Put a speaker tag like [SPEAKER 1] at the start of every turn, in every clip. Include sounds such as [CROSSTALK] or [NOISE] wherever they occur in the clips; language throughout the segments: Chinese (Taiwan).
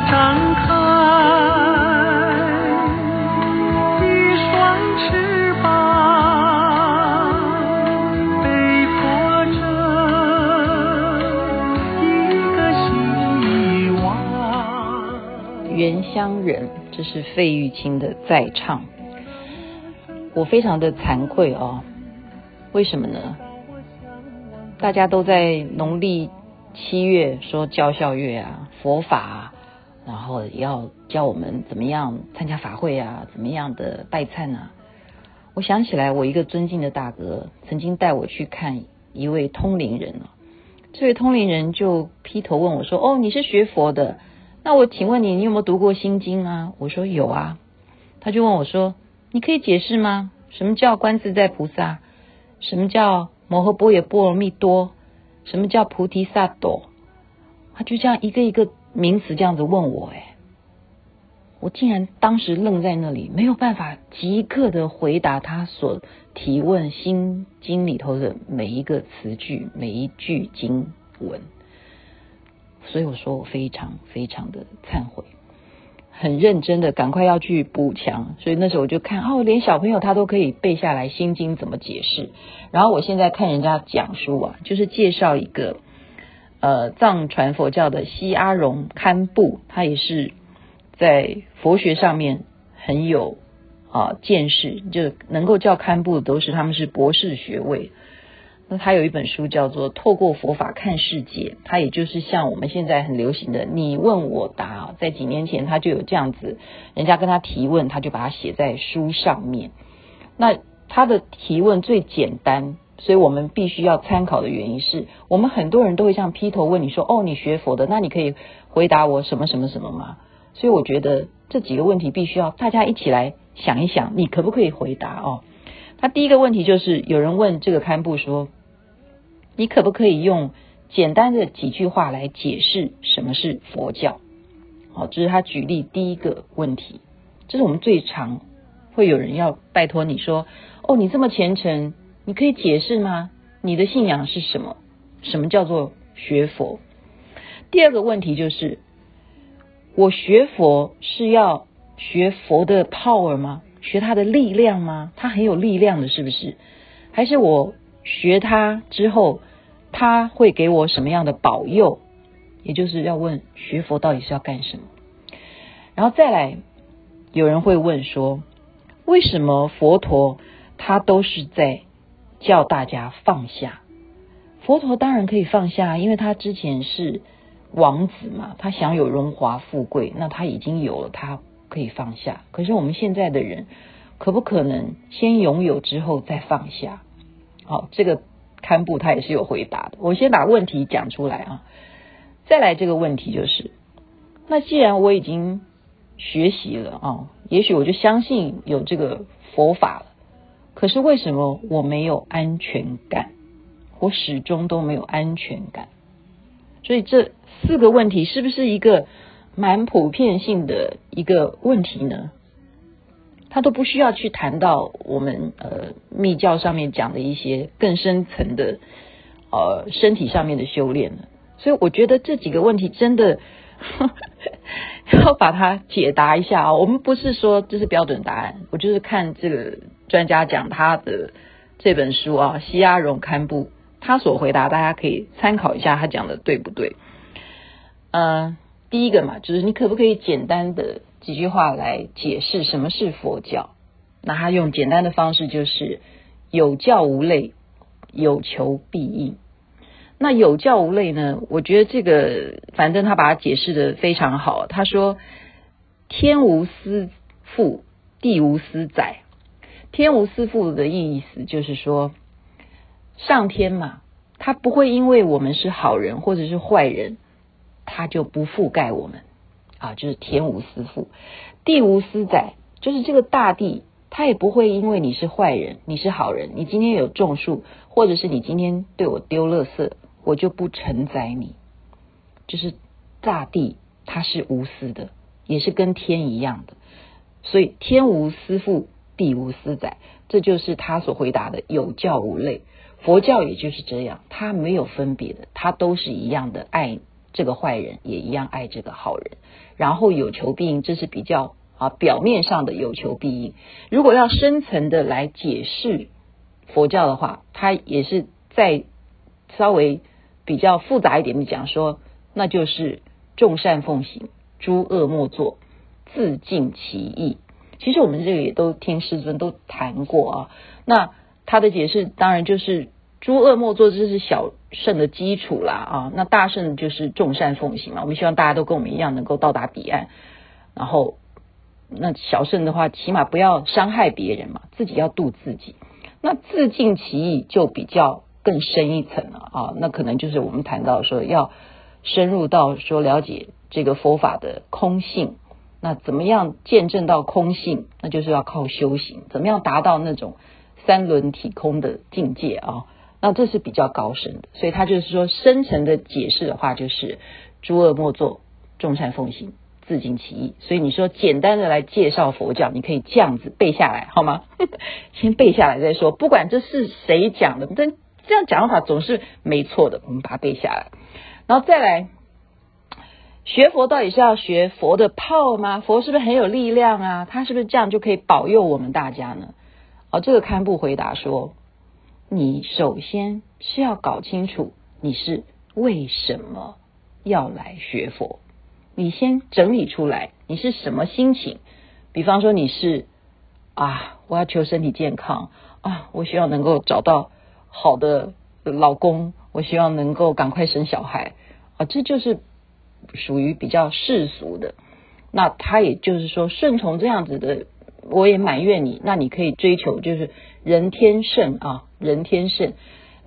[SPEAKER 1] 張開一雙翅膀，背馱著一個希望。原鄉人，這是費玉清的在唱。我非常的慚愧哦，為什麼呢？大家都在農曆七月說教孝月啊，佛法啊。然後要教我們怎麼樣參加法會啊，怎麼樣的拜懺吶、啊？我想起來，我一個尊敬的大哥曾經帶我去看一位通靈人了。這位通靈人就劈頭問我說：“哦，你是學佛的，那我請問你，你有沒有讀過《心經》啊？”我說：“有啊。”他就問我說：“你可以解釋嗎？什麼叫觀自在菩薩？什麼叫摩訶般若波羅蜜多？什麼叫菩提薩埵？”他就這樣一個一個名詞這樣子問我，哎，我竟然當時愣在那裡，沒有辦法即刻的回答他所提問《心經》裡頭的每一個詞句，每一句經文。所以我說我非常非常的懺悔，很認真的趕快要去補強。所以那時候我就看，哦，連小朋友他都可以背下來《心經》怎麼解釋。然後我現在看人家講書啊，就是介紹一個。呃，藏傳佛教的西阿榮堪布，他也是在佛學上面很有啊見識，就能夠叫堪布的都是他們是博士學位。那他有一本書叫做《透過佛法看世界》，他也就是像我們現在很流行的“你問我答”。在幾年前，他就有這樣子，人家跟他提問，他就把它寫在書上面。那他的提問最簡單。所以我們必須要參考的原因是，我們很多人都會這樣劈頭問你說：“哦，你學佛的，那你可以回答我什麼什麼什麼嗎？”所以我覺得這幾個問題必須要大家一起來想一想，你可不可以回答哦？他第一個問題就是有人問這個堪布說：“你可不可以用簡單的幾句話來解釋什麼是佛教？”好，哦，這是他舉例第一個問題，這是我們最常會有人要拜託你說：“哦，你這麼虔誠。”你可以解釋嗎？你的信仰是什麼？什麼叫做學佛？第二個問題就是，我學佛是要學佛的 power 嗎？學他的力量嗎？他很有力量的，是不是？還是我學他之後，他會給我什麼樣的保佑？也就是要問學佛到底是要幹什麼？然後再來，有人會問說，為什麼佛陀他都是在，叫大家放下，佛陀當然可以放下，因為他之前是王子嘛，他享有榮華富貴，那他已經有了，他可以放下。可是我們現在的人，可不可能先擁有之後再放下？好，這個堪布他也是有回答的。我先把問題講出來啊，再來這個問題就是，那既然我已經學習了啊，也許我就相信有這個佛法了。可是為什麼我沒有安全感？我始終都沒有安全感。所以這四個問題是不是一個蠻普遍性的一個問題呢？他都不需要去談到我們呃密教上面講的一些更深層的呃身體上面的修煉了。所以我覺得這幾個問題真的 [LAUGHS] 要把它解答一下啊、哦。我們不是說這是標準答案，我就是看這個。專家講他的這本書啊，《西阿榮堪布》，他所回答，大家可以參考一下，他講的對不對？嗯、呃，第一個嘛，就是你可不可以簡單的幾句話來解釋什麼是佛教？那他用簡單的方式，就是有教無類，有求必應。那有教無類呢？我覺得這個，反正他把它解釋的非常好。他說：“天無私覆，地無私載天無私覆的意思就是說，上天嘛，他不會因為我們是好人或者是壞人，他就不覆蓋我們啊，就是天無私覆，地無私載，就是這個大地，他也不會因為你是壞人，你是好人，你今天有種樹，或者是你今天對我丟垃圾，我就不承載你，就是大地它是無私的，也是跟天一樣的，所以天無私覆。地無私載，這就是他所回答的有教無類。佛教也就是這樣，他沒有分別的，他都是一樣的愛這個壞人，也一樣愛這個好人。然後有求必應，這是比較啊表面上的有求必應。如果要深層的來解釋佛教的話，他也是在稍微比較複雜一點的講說，那就是眾善奉行，諸惡莫作，自淨其意。其實我們這個也都聽師尊都談過啊，那他的解釋當然就是諸惡莫作，這是小乘的基礎啦啊。那大乘就是眾善奉行嘛。我們希望大家都跟我們一樣，能夠到達彼岸。然後，那小乘的話，起碼不要傷害別人嘛，自己要度自己。那自淨其意就比較更深一層了啊，啊。那可能就是我們談到說要深入到說了解這個佛法的空性。那怎麼樣見證到空性？那就是要靠修行。怎麼樣達到那種三輪體空的境界啊、哦？那這是比較高深的。所以他就是說，深層的解釋的話，就是諸惡莫作，眾善奉行，自淨其意。所以你說簡單的來介紹佛教，你可以這樣子背下來好嗎？ [LAUGHS] 先背下來再說。不管這是誰講的，但這樣講法總是沒錯的。我們把它背下來，然後再來。學佛到底是要學佛的 power 嗎？佛是不是很有力量啊？他是不是這樣就可以保佑我們大家呢？哦，這個堪布回答說：你首先是要搞清楚你是為什麼要來學佛，你先整理出來你是什麼心情。比方說你是啊，我要求身體健康啊，我希望能夠找到好的老公，我希望能夠趕快生小孩啊，哦，這就是。屬於比較世俗的，那他也就是說順從這樣子的，我也埋怨你。那你可以追求就是人天乘啊，人天乘。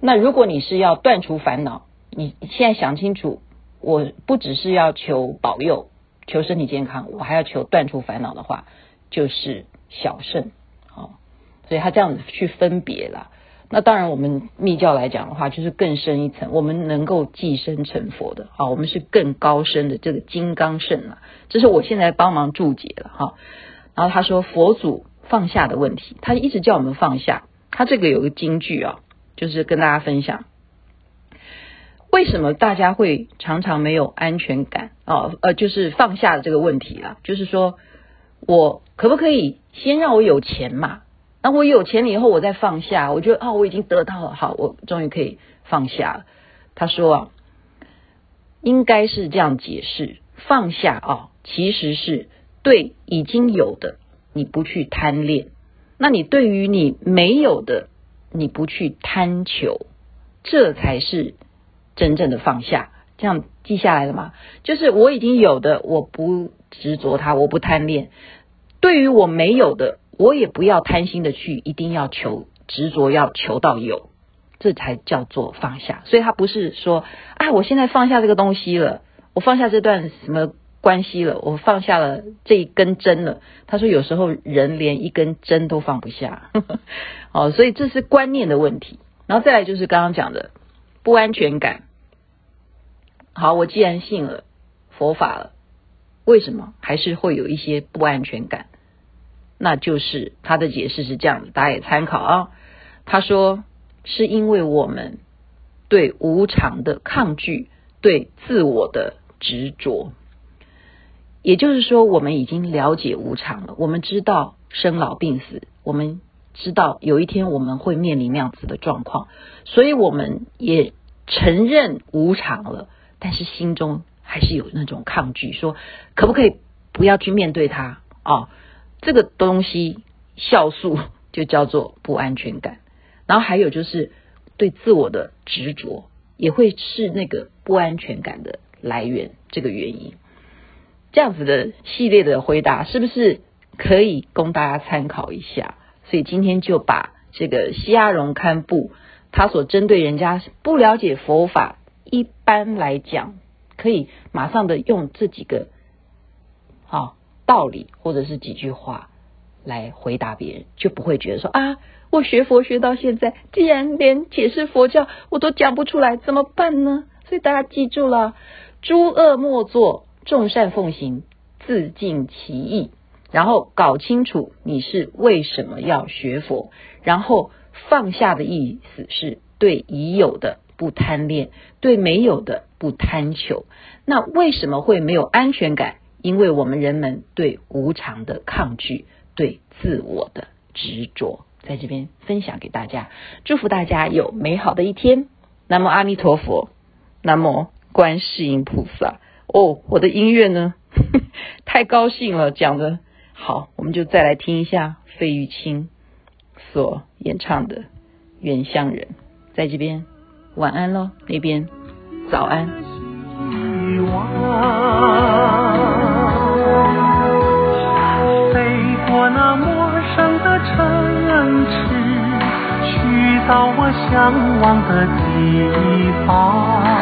[SPEAKER 1] 那如果你是要斷除煩惱，你現在想清楚，我不只是要求保佑、求身體健康，我還要求斷除煩惱的話，就是小乘哦。所以他這樣子去分別了。那當然，我們密教來講的話，就是更深一層，我們能夠即生成佛的啊，我們是更高深的這個金剛乘啊。這是我現在幫忙註解了哈啊。然後他說，佛祖放下的問題，他一直叫我們放下。他這個有個金句啊,就是跟大家分享，為什麼大家會常常沒有安全感啊？呃，就是放下的這個問題啊，就是說我可不可以先讓我有錢嘛？那，啊，我有錢了以後，我再放下，我覺得哦，我已經得到了，好，我終於可以放下了。他說啊，應該是這樣解釋，放下啊，其實是對已經有的你不去貪戀，那你對於你沒有的，你不去貪求，這才是真正的放下。這樣記下來了嗎？就是我已經有的，我不執着它，我不貪戀；對於我沒有的。我也不要貪心的去，一定要求執着，要求到有，這才叫做放下。所以他不是說，啊、哎，我現在放下這個東西了，我放下這段什麼關係了，我放下了這一根針了。他說，有時候人連一根針都放不下呵呵。好，所以這是觀念的問題。然後再來就是剛剛講的不安全感。好，我既然信了佛法了，為什麼還是會有一些不安全感？那就是他的解釋是這樣的，大家也參考啊。他說是因為我們對無常的抗拒，對自我的執着。也就是說，我們已經了解無常了，我們知道生老病死，我們知道有一天我們會面臨那樣子的狀況，所以我們也承認無常了，但是心中還是有那種抗拒，說可不可以不要去面對它啊？哦這個東西孝素就叫做不安全感，然後還有就是對自我的執着，也會是那個不安全感的來源。這個原因，這樣子的系列的回答是不是可以供大家參考一下？所以今天就把這個西阿榮堪布他所針對人家不了解佛法，一般來講可以馬上的用這幾個，好、哦。道理，或者是幾句話來回答別人，就不會覺得說啊，我學佛學到現在，既然連解釋佛教我都講不出來，怎麼辦呢？所以大家記住了，諸惡莫作，眾善奉行，自淨其意。然後搞清楚你是為什麼要學佛，然後放下的意思是對已有的不貪戀，對沒有的不貪求。那為什麼會沒有安全感？因為我們人們對無常的抗拒，對自我的執着，在這邊分享給大家，祝福大家有美好的一天。南無阿彌陀佛，南無觀世音菩薩。哦，我的音樂呢？呵呵，太高興了，講的好，我們就再來聽一下費玉清所演唱的《原鄉人》。在這邊晚安嘍，那邊早安。我那陌生的城市，去到我嚮往的地方。